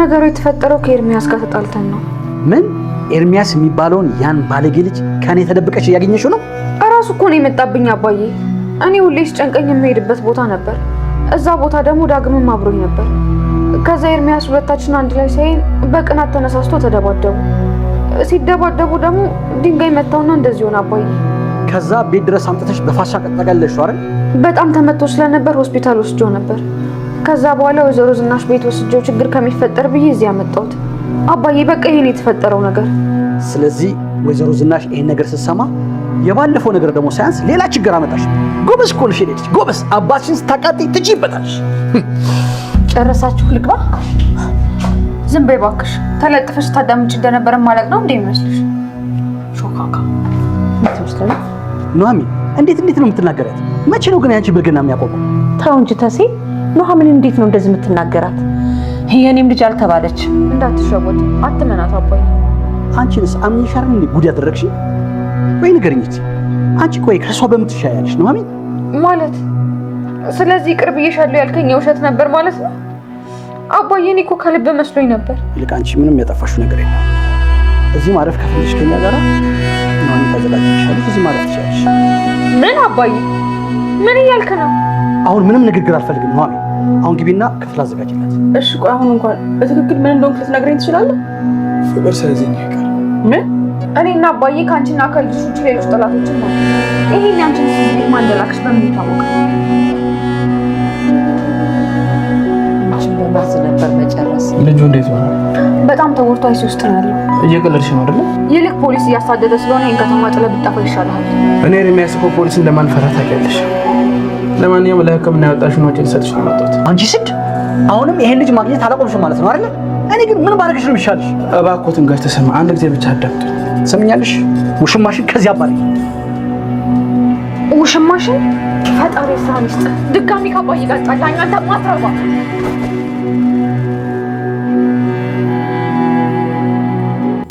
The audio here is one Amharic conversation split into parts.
ነገሩ የተፈጠረው ከኤርሚያስ ጋር ተጣልተን ነው። ምን? ኤርሚያስ የሚባለውን ያን ባለጌ ልጅ ከኔ ተደብቀሽ እያገኘሽው ነው? እራሱ እኮ ነው የመጣብኝ አባዬ። እኔ ሁሌ ሲጨንቀኝ የምሄድበት ቦታ ነበር። እዛ ቦታ ደግሞ ዳግምም አብሮኝ ነበር። ከዛ ኤርሚያስ ሁለታችን አንድ ላይ ሳይን በቅናት ተነሳስቶ ተደባደቡ። ሲደባደቡ ደግሞ ድንጋይ መታውና እንደዚህ ሆነ አባዬ። ከዛ ቤት ድረስ አምጥተሽ በፋሻ ቀጠቀለሽ አይደል? በጣም ተመቶ ስለነበር ሆስፒታል ወስዶ ነበር። ከዛ በኋላ ወይዘሮ ዝናሽ ቤት ወስጄው ችግር ከሚፈጠር ብዬ እዚህ ያመጣሁት። አባዬ በቃ ይሄን የተፈጠረው ነገር። ስለዚህ ወይዘሮ ዝናሽ ይሄን ነገር ስትሰማ የባለፈው ነገር ደግሞ ሳያንስ ሌላ ችግር አመጣሽ። ጎበዝ እኮ ነሽ ልጅ ጎበዝ። አባትሽን ስታቃጥይ ትችይበታለሽ። ጨረሳችሁ? ልግባ። ዝም በይ እባክሽ። ተለጥፈሽ ታዳምጭ እንደነበረ ማለቅ ነው እንዴ ይመስልሽ? ሾካካ ኑሐሚን እንዴት እንዴት ነው የምትናገሪያት? መቼ ነው ግን ያንቺ ብልግና የሚያቆመው? ተው እንጂ ተሴ ኑሐሚን እንዴት ነው እንደዚህ የምትናገራት? የእኔም ልጅ አልተባለች እንዳትሸወድ አትመናት። አባይ አንቺንስ አምንሻር እንዴ ጉድ ያደረግሽ ወይ ንገርኝ። አንቺ ቆይ ከሷ በምትሻያለሽ ኑሐሚን ማለት ስለዚህ ቅርብ እየሻለሁ ያልከኝ የውሸት ነበር ማለት ነው? አባዬ እኔ እኮ ከልብ መስሎኝ ነበር። ይልቅ አንቺ ምንም ያጠፋሽው ነገር የለም። እዚህ ማረፍ ከፈለሽ ከኛ ጋር ኑሐሚን ታዘጋጅልሻለች። እዚህ ማረፍ ትችላለሽ። ምን አባዬ ምን እያልክ ነው? አሁን ምንም ንግግር አልፈልግም ኑሐሚን አሁን ግቢና ክፍል አዘጋጅላት። እሺ ቆይ አሁን እንኳን በትክክል ምን እንደሆነ ልትነግረኝ ትችላለህ? ፍቅር ስለዚህ አይቀርም። ምን እኔ እና አባዬ ከአንቺና ከልጅሽ ውጭ ሌሎች ጠላቶች ነው። ይሄን ያንቺን ስሜት ማንደላክሽ በምን ታወቀ? ነበር መጨረስ። ልጁ እንዴት ነው? በጣም ተጎድቶ አይሲ ውስጥ ነው ያለው። እየቀለድሽ ነው አይደለ? ይልቅ ፖሊስ እያሳደደ ስለሆነ ይህን ከተማ ጥለህ ብጠፋ ይሻልሃል። እኔ የሚያስበው ፖሊስ እንደማንፈራ ታውቂያለሽ። ለማንኛውም ለሕክምና ያወጣሽውን ወጪ ልሰጥሽ ነው የመጣሁት። አንቺ ስድ አሁንም ይሄን ልጅ ማግኘት አላቆምሽም ማለት ነው አይደለ? እኔ ግን ምን ባረግሽ ነው የሚሻልሽ? እባክዎትን ጋሽ ተሰማ አንድ ጊዜ ብቻ አዳምጡኝ። ትሰምኛለሽ? ውሽማሽን ከዚህ አባሪ ውሽማሽን ፈጣሪ ሳንስጥ ድጋሚ ካባይ ጋር ጣላኝ አንተ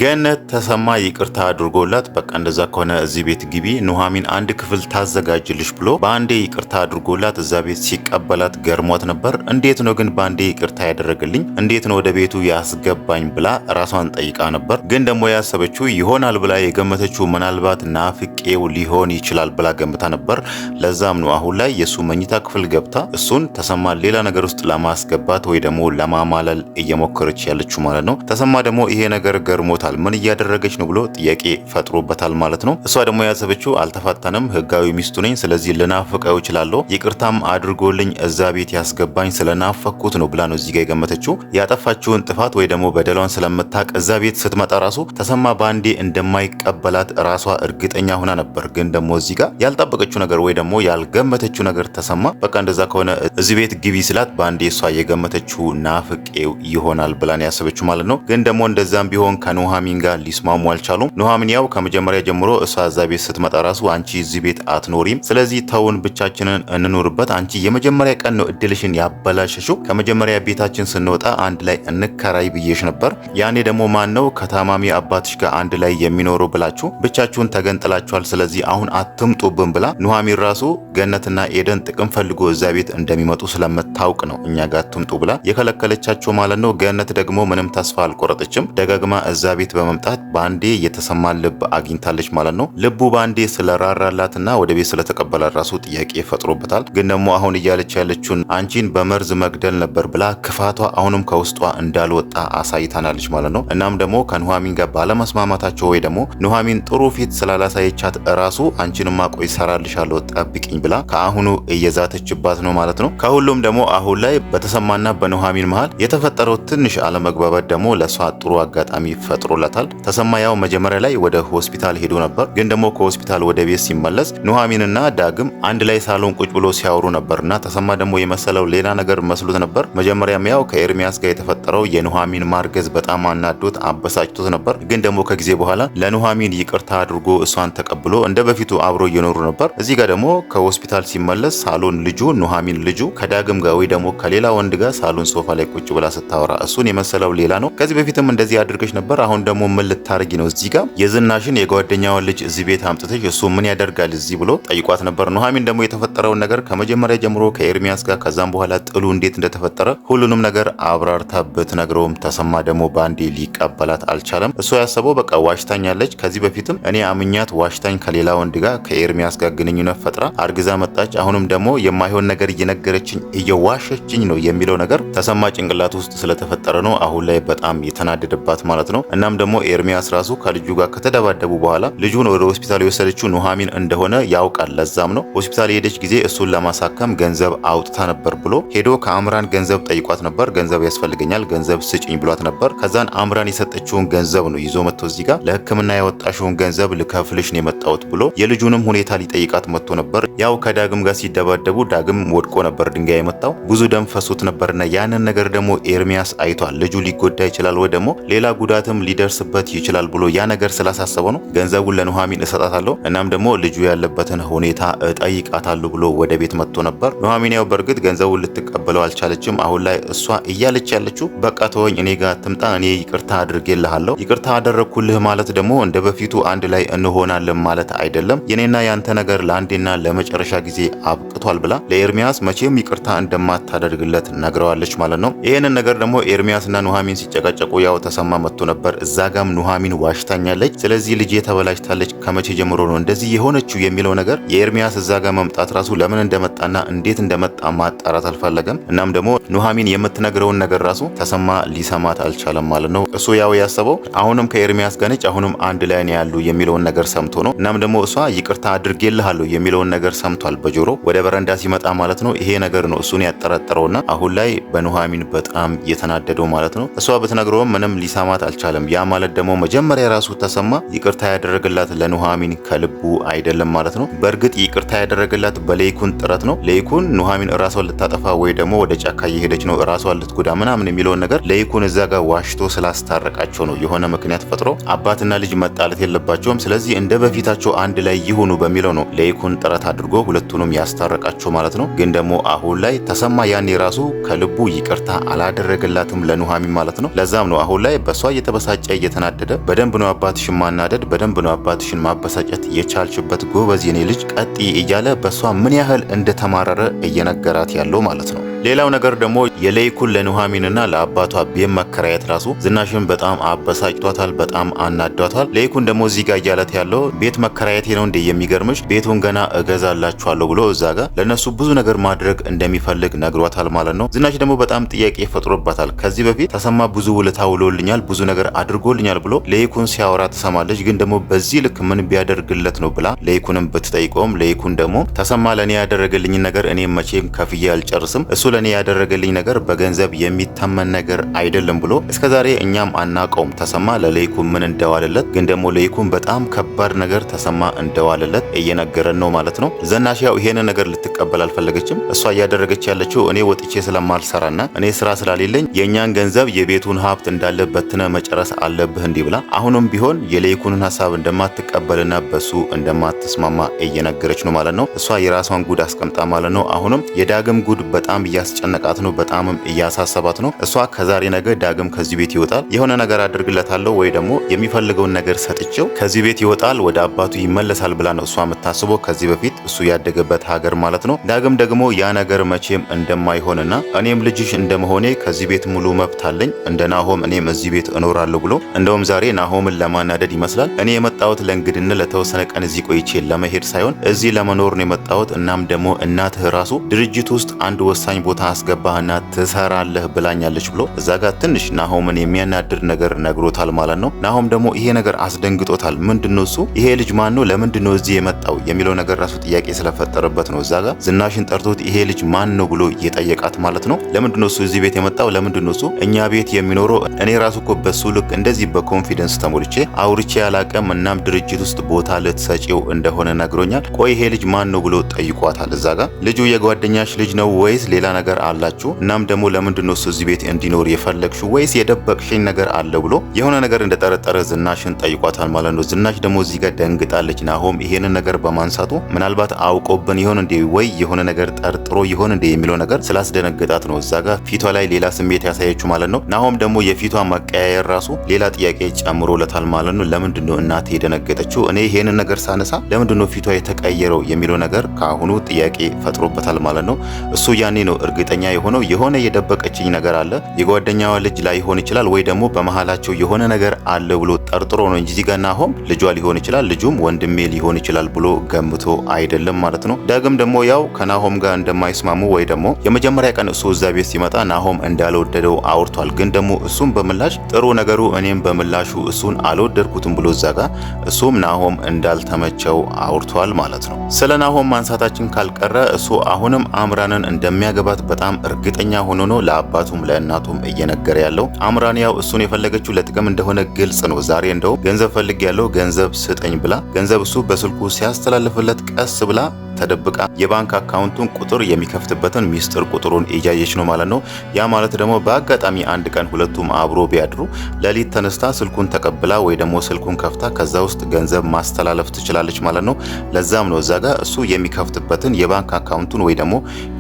ገነት ተሰማ ይቅርታ አድርጎላት በቃ እንደዛ ከሆነ እዚህ ቤት ግቢ ኑሐሚን አንድ ክፍል ታዘጋጅልሽ ብሎ በአንዴ ይቅርታ አድርጎላት እዛ ቤት ሲቀበላት ገርሟት ነበር። እንዴት ነው ግን በአንዴ ይቅርታ ያደረገልኝ? እንዴት ነው ወደ ቤቱ ያስገባኝ? ብላ ራሷን ጠይቃ ነበር። ግን ደግሞ ያሰበችው ይሆናል ብላ የገመተችው ምናልባት ናፍቄው ሊሆን ይችላል ብላ ገምታ ነበር። ለዛም ነው አሁን ላይ የእሱ መኝታ ክፍል ገብታ እሱን ተሰማ ሌላ ነገር ውስጥ ለማስገባት ወይ ደግሞ ለማማለል እየሞከረች ያለችው ማለት ነው። ተሰማ ደግሞ ይሄ ነገር ገርሞት ጠይቆበታል። ምን እያደረገች ነው ብሎ ጥያቄ ፈጥሮበታል ማለት ነው። እሷ ደግሞ ያሰበችው አልተፋታንም፣ ህጋዊ ሚስቱ ነኝ፣ ስለዚህ ልናፍቀው እችላለሁ፣ ይቅርታም አድርጎልኝ እዛ ቤት ያስገባኝ ስለናፈኩት ነው ብላ ነው እዚጋ የገመተችው። ያጠፋችውን ጥፋት ወይ ደግሞ በደሏን ስለምታቅ እዛ ቤት ስትመጣ ራሱ ተሰማ ባንዴ እንደማይቀበላት ራሷ እርግጠኛ ሆና ነበር። ግን ደግሞ እዚህ ጋር ያልጠበቀችው ነገር ወይ ደግሞ ያልገመተችው ነገር ተሰማ በቃ እንደዛ ከሆነ እዚህ ቤት ግቢ ስላት በአንዴ እሷ የገመተችው ናፍቄው ይሆናል ብላን ያሰበችው ማለት ነው። ግን ደግሞ እንደዛም ቢሆን ከነ ኑሐሚን ጋር ሊስማሙ አልቻሉም። ኑሐሚን ያው ከመጀመሪያ ጀምሮ እሷ እዛ ቤት ስትመጣ ራሱ አንቺ እዚህ ቤት አትኖሪም፣ ስለዚህ ተውን ብቻችንን እንኖርበት፣ አንቺ የመጀመሪያ ቀን ነው እድልሽን ያበላሸሽው፣ ከመጀመሪያ ቤታችን ስንወጣ አንድ ላይ እንከራይ ብዬሽ ነበር። ያኔ ደግሞ ማን ነው ከታማሚ አባትሽ ጋር አንድ ላይ የሚኖረው ብላችሁ ብቻችሁን ተገንጥላችኋል፣ ስለዚህ አሁን አትምጡብን ብላ ኑሐሚን ራሱ ገነትና ኤደን ጥቅም ፈልጎ እዛ ቤት እንደሚመጡ ስለምታውቅ ነው እኛ ጋር አትምጡ ብላ የከለከለቻቸው ማለት ነው። ገነት ደግሞ ምንም ተስፋ አልቆረጠችም። ደጋግማ እዛ ቤት ቤት በመምጣት በአንዴ የተሰማን ልብ አግኝታለች ማለት ነው። ልቡ በአንዴ ስለራራላትና ወደ ቤት ስለተቀበላት ራሱ ጥያቄ ፈጥሮበታል። ግን ደግሞ አሁን እያለች ያለችውን አንቺን በመርዝ መግደል ነበር ብላ ክፋቷ አሁንም ከውስጧ እንዳልወጣ አሳይታናለች ማለት ነው። እናም ደግሞ ከኑሐሚን ጋር ባለመስማማታቸው ወይ ደግሞ ኑሐሚን ጥሩ ፊት ስላላሳየቻት ራሱ አንቺንማ ቆይ እሰራልሻለሁ ጠብቂኝ ብላ ከአሁኑ እየዛተችባት ነው ማለት ነው። ከሁሉም ደግሞ አሁን ላይ በተሰማና በኑሐሚን መሀል የተፈጠረው ትንሽ አለመግባባት ደግሞ ለእሷ ጥሩ አጋጣሚ ፈጥሮ ተፈጥሮለታል። ተሰማ ያው መጀመሪያ ላይ ወደ ሆስፒታል ሄዶ ነበር፣ ግን ደግሞ ከሆስፒታል ወደ ቤት ሲመለስ ኑሐሚንና ዳግም አንድ ላይ ሳሎን ቁጭ ብሎ ሲያወሩ ነበርና ተሰማ ደግሞ የመሰለው ሌላ ነገር መስሎት ነበር። መጀመሪያም ያው ከኤርሚያስ ጋር የተፈጠረው የኑሐሚን ማርገዝ በጣም አናዶት አበሳጭቶት ነበር፣ ግን ደግሞ ከጊዜ በኋላ ለኑሐሚን ይቅርታ አድርጎ እሷን ተቀብሎ እንደ በፊቱ አብሮ እየኖሩ ነበር። እዚህ ጋር ደግሞ ከሆስፒታል ሲመለስ ሳሎን ልጁ ኑሐሚን ልጁ ከዳግም ጋር ወይ ደግሞ ከሌላ ወንድ ጋር ሳሎን ሶፋ ላይ ቁጭ ብላ ስታወራ እሱን የመሰለው ሌላ ነው። ከዚህ በፊትም እንደዚህ አድርገች ነበር አሁን አሁን ደግሞ ምን ልታደርጊ ነው እዚህ ጋር የዝናሽን የጓደኛውን ልጅ እዚህ ቤት አምጥተሽ እሱ ምን ያደርጋል እዚህ ብሎ ጠይቋት ነበር። ኑሐሚን ደግሞ የተፈጠረውን ነገር ከመጀመሪያ ጀምሮ ከኤርሚያስ ጋር ከዛም በኋላ ጥሉ እንዴት እንደተፈጠረ ሁሉንም ነገር አብራርታ ብትነግረውም ተሰማ ደግሞ በአንዴ ሊቀበላት አልቻለም። እሱ ያሰበው በቃ ዋሽታኛለች፣ ከዚህ በፊትም እኔ አምኛት ዋሽታኝ ከሌላ ወንድ ጋር ከኤርሚያስ ጋር ግንኙነት ፈጥራ አርግዛ መጣች፣ አሁንም ደግሞ የማይሆን ነገር እየነገረችኝ እየዋሸችኝ ነው የሚለው ነገር ተሰማ ጭንቅላት ውስጥ ስለተፈጠረ ነው አሁን ላይ በጣም የተናደደባት ማለት ነው። እና ከዛም ደግሞ ኤርሚያስ ራሱ ከልጁ ጋር ከተደባደቡ በኋላ ልጁን ወደ ሆስፒታል የወሰደችው ኑሐሚን እንደሆነ ያውቃል። ለዛም ነው ሆስፒታል የሄደች ጊዜ እሱን ለማሳከም ገንዘብ አውጥታ ነበር ብሎ ሄዶ ከአምራን ገንዘብ ጠይቋት ነበር። ገንዘብ ያስፈልገኛል፣ ገንዘብ ስጭኝ ብሏት ነበር። ከዛን አምራን የሰጠችውን ገንዘብ ነው ይዞ መጥቶ እዚህ ጋር ለሕክምና ያወጣሽውን ገንዘብ ልከፍልሽ ነው የመጣሁት ብሎ የልጁንም ሁኔታ ሊጠይቃት መጥቶ ነበር። ያው ከዳግም ጋር ሲደባደቡ ዳግም ወድቆ ነበር ድንጋይ የመጣው ብዙ ደም ፈሶት ነበርና ያንን ነገር ደግሞ ኤርሚያስ አይቷል። ልጁ ሊጎዳ ይችላል ወይ ደግሞ ሌላ ጉዳትም ሊደ ሊደርስበት ይችላል ብሎ ያ ነገር ስላሳሰበው ነው ገንዘቡን ለኑሐሚን እሰጣታለሁ እናም ደግሞ ልጁ ያለበትን ሁኔታ እጠይቃታለሁ ብሎ ወደ ቤት መጥቶ ነበር። ኑሐሚን ያው በእርግጥ ገንዘቡን ልትቀበለው አልቻለችም። አሁን ላይ እሷ እያለች ያለችው በቃ ተወኝ፣ እኔ ጋር ትምጣ፣ እኔ ይቅርታ አድርጌልሃለሁ። ይቅርታ አደረግኩልህ ማለት ደግሞ እንደ በፊቱ አንድ ላይ እንሆናለን ማለት አይደለም። የኔና ያንተ ነገር ለአንዴና ለመጨረሻ ጊዜ አብቅቷል ብላ ለኤርሚያስ መቼም ይቅርታ እንደማታደርግለት ነግረዋለች ማለት ነው። ይህንን ነገር ደግሞ ኤርሚያስና ኑሐሚን ሲጨቃጨቁ ያው ተሰማ መጥቶ ነበር እዛ ጋም ኑሐሚን ዋሽታኛለች፣ ስለዚህ ልጅ የተበላሽታለች ከመቼ ጀምሮ ነው እንደዚህ የሆነችው የሚለው ነገር የኤርሚያስ እዛ ጋ መምጣት ራሱ ለምን እንደመጣና እንዴት እንደመጣ ማጣራት አልፈለገም። እናም ደግሞ ኑሐሚን የምትነግረውን ነገር ራሱ ተሰማ ሊሰማት አልቻለም ማለት ነው። እሱ ያው ያሰበው አሁንም ከኤርሚያስ ጋር ነች፣ አሁንም አንድ ላይ ነው ያሉ የሚለውን ነገር ሰምቶ ነው። እናም ደግሞ እሷ ይቅርታ አድርጌልሃለሁ የሚለውን ነገር ሰምቷል በጆሮ ወደ በረንዳ ሲመጣ ማለት ነው። ይሄ ነገር ነው እሱን ያጠረጠረውና አሁን ላይ በኑሐሚን በጣም የተናደደው ማለት ነው። እሷ ብትነግረውም ምንም ሊሰማት አልቻለም። ያ ማለት ደግሞ መጀመሪያ የራሱ ተሰማ ይቅርታ ያደረገላት ለኑሐሚን ከልቡ አይደለም ማለት ነው። በእርግጥ ይቅርታ ያደረገላት በሌይኩን ጥረት ነው። ሌይኩን ኑሐሚን እራሷን ልታጠፋ ወይ ደግሞ ወደ ጫካ እየሄደች ነው እራሷን ልትጎዳ ምናምን የሚለውን ነገር ሌይኩን እዛ ጋር ዋሽቶ ስላስታረቃቸው ነው። የሆነ ምክንያት ፈጥሮ አባትና ልጅ መጣለት የለባቸውም፣ ስለዚህ እንደ በፊታቸው አንድ ላይ ይሁኑ በሚለው ነው ሌይኩን ጥረት አድርጎ ሁለቱንም ያስታረቃቸው ማለት ነው። ግን ደግሞ አሁን ላይ ተሰማ ያኔ ራሱ ከልቡ ይቅርታ አላደረገላትም ለኑሐሚን ማለት ነው። ለዛም ነው አሁን ላይ በእሷ እየተበሳጨ እየተበሳጨ እየተናደደ በደንብ ነው አባትሽን ማናደድ፣ በደንብ ነው አባትሽን ማበሳጨት የቻልሽበት ጎበዝ የኔ ልጅ ቀጥ እያለ በእሷ ምን ያህል እንደተማረረ እየነገራት ያለው ማለት ነው። ሌላው ነገር ደግሞ የለይኩን ለኑሐሚንና ለአባቷ ቤት መከራየት ራሱ ዝናሽን በጣም አበሳጭቷታል፣ በጣም አናዷታል። ለይኩን ደግሞ እዚህ ጋር እያለት ያለው ቤት መከራየቴ ነው እንዴ የሚገርምሽ? ቤቱን ገና እገዛላችኋለሁ ብሎ እዛ ጋር ለእነሱ ብዙ ነገር ማድረግ እንደሚፈልግ ነግሯታል ማለት ነው። ዝናሽ ደግሞ በጣም ጥያቄ ፈጥሮባታል። ከዚህ በፊት ተሰማ ብዙ ውለታ ውሎልኛል፣ ብዙ ነገር አድ አድርጎልኛል ብሎ ለይኩን ሲያወራ ትሰማለች። ግን ደግሞ በዚህ ልክ ምን ቢያደርግለት ነው ብላ ለይኩንም ብትጠይቀውም ለይኩን ደግሞ ተሰማ ለእኔ ያደረገልኝ ነገር እኔ መቼም ከፍዬ አልጨርስም፣ እሱ ለእኔ ያደረገልኝ ነገር በገንዘብ የሚተመን ነገር አይደለም ብሎ እስከዛሬ እኛም አናቀውም ተሰማ ለለይኩን ምን እንደዋለለት። ግን ደግሞ ለይኩን በጣም ከባድ ነገር ተሰማ እንደዋለለት እየነገረን ነው ማለት ነው። ዘናሽ ያው ይሄንን ነገር ልትቀበል አልፈለገችም። እሷ እያደረገች ያለችው እኔ ወጥቼ ስለማልሰራና እኔ ስራ ስላሌለኝ የእኛን ገንዘብ የቤቱን ሀብት እንዳለ በትነ መጨረስ አለብህ እንዲህ ብላ አሁንም ቢሆን የሌይኩንን ሀሳብ እንደማትቀበልና በሱ እንደማትስማማ እየነገረች ነው ማለት ነው። እሷ የራሷን ጉድ አስቀምጣ ማለት ነው። አሁንም የዳግም ጉድ በጣም እያስጨነቃት ነው፣ በጣምም እያሳሰባት ነው። እሷ ከዛሬ ነገ ዳግም ከዚህ ቤት ይወጣል፣ የሆነ ነገር አድርግለታለሁ ወይ ደግሞ የሚፈልገውን ነገር ሰጥቼው ከዚህ ቤት ይወጣል፣ ወደ አባቱ ይመለሳል ብላ ነው እሷ የምታስበው ከዚህ በፊት እሱ ያደገበት ሀገር ማለት ነው። ዳግም ደግሞ ያ ነገር መቼም እንደማይሆንና እኔም ልጅሽ እንደመሆኔ ከዚህ ቤት ሙሉ መብት አለኝ እንደ ናሆም እኔም እዚህ ቤት እኖራለሁ ብሎ ብሎ እንደውም ዛሬ ናሆምን ለማናደድ ይመስላል እኔ የመጣሁት ለእንግድን ለተወሰነ ቀን እዚህ ቆይቼ ለመሄድ ሳይሆን እዚህ ለመኖር ነው የመጣሁት። እናም ደግሞ እናትህ ራሱ ድርጅት ውስጥ አንድ ወሳኝ ቦታ አስገባህና ትሰራለህ ብላኛለች ብሎ እዛ ጋር ትንሽ ናሆምን የሚያናድር ነገር ነግሮታል ማለት ነው። ናሆም ደግሞ ይሄ ነገር አስደንግጦታል። ምንድነው እሱ ይሄ ልጅ ማን ነው ለምንድን ነው እዚህ የመጣው የሚለው ነገር ራሱ ጥያቄ ስለፈጠረበት ነው እዛ ጋር ዝናሽን ጠርቶት ይሄ ልጅ ማን ነው ብሎ የጠየቃት ማለት ነው። ለምንድነው እሱ እዚህ ቤት የመጣው ለምንድነው እሱ እኛ ቤት የሚኖረው እኔ ራሱ እኮ በሱ ልክ እንደዚህ በኮንፊደንስ ተሞልቼ አውርቼ ያላቀም። እናም ድርጅት ውስጥ ቦታ ልትሰጪው እንደሆነ ነግሮኛል። ቆይ ይሄ ልጅ ማን ነው ብሎ ጠይቋታል። እዛ ጋር ልጁ የጓደኛሽ ልጅ ነው ወይስ ሌላ ነገር አላችሁ? እናም ደግሞ ለምንድን ነው እሱ እዚህ ቤት እንዲኖር የፈለግሽው ወይስ የደበቅሽኝ ነገር አለ ብሎ የሆነ ነገር እንደጠረጠረ ዝናሽን ጠይቋታል ማለት ነው። ዝናሽ ደግሞ እዚህ ጋር ደንግጣለች። ናሆም ይሄንን ነገር በማንሳቱ ምናልባት አውቆብን ይሆን እንዴ ወይ የሆነ ነገር ጠርጥሮ ይሆን እንዴ የሚለው ነገር ስላስደነግጣት ነው እዛ ጋር ፊቷ ላይ ሌላ ስሜት ያሳየችው ማለት ነው። ናሆም ደግሞ የፊቷ መቀያየር ራሱ ሌላ ጥያቄ ጨምሮለታል ማለት ነው። ለምንድነው እናቴ የደነገጠችው? እኔ ይሄንን ነገር ሳነሳ ለምንድነው ፊቷ የተቀየረው የሚለው ነገር ከአሁኑ ጥያቄ ፈጥሮበታል ማለት ነው። እሱ ያኔ ነው እርግጠኛ የሆነው የሆነ የደበቀችኝ ነገር አለ፣ የጓደኛዋ ልጅ ላይሆን ይችላል ወይ ደግሞ በመሃላቸው የሆነ ነገር አለ ብሎ ጠርጥሮ ነው እንጂ እዚህ ናሆም ልጇ ሊሆን ይችላል ልጁም ወንድሜ ሊሆን ይችላል ብሎ ገምቶ አይደለም ማለት ነው። ዳግም ደግሞ ያው ከናሆም ጋር እንደማይስማሙ ወይ ደግሞ የመጀመሪያ ቀን እሱ እዛ ቤት ሲመጣ ናሆም እንዳልወደደው አውርቷል። ግን ደግሞ እሱም በምላሽ ጥሩ ነገሩ እኔም በምላሹ እሱን አልወደድኩትም ብሎ እዛ ጋር እሱም ናሆም እንዳልተመቸው አውርቷል ማለት ነው። ስለ ናሆም ማንሳታችን ካልቀረ እሱ አሁንም አምራንን እንደሚያገባት በጣም እርግጠኛ ሆኖ ነው ለአባቱም ለእናቱም እየነገረ ያለው። አምራን ያው እሱን የፈለገችው ለጥቅም እንደሆነ ግልጽ ነው። ዛሬ ዛሬ እንደውም ገንዘብ ፈልግ ያለው ገንዘብ ስጠኝ ብላ ገንዘብ እሱ በስልኩ ሲያስተላልፍለት ቀስ ብላ ተደብቃ የባንክ አካውንቱን ቁጥር የሚከፍትበትን ሚስጥር ቁጥሩን እያየች ነው ማለት ነው። ያ ማለት ደግሞ በአጋጣሚ አንድ ቀን ሁለቱም አብሮ ቢያድሩ ለሊት ተነስታ ስልኩን ተቀብላ ወይ ደግሞ ስልኩን ከፍታ ከዛ ውስጥ ገንዘብ ማስተላለፍ ትችላለች ማለት ነው። ለዛም ነው እዛ ጋር እሱ የሚከፍትበትን የባንክ አካውንቱን ወይ ደግሞ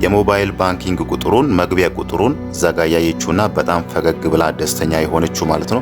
የሞባይል ባንኪንግ ቁጥሩን መግቢያ ቁጥሩን እዛ ጋር እያየችውና በጣም ፈገግ ብላ ደስተኛ የሆነችው ማለት ነው።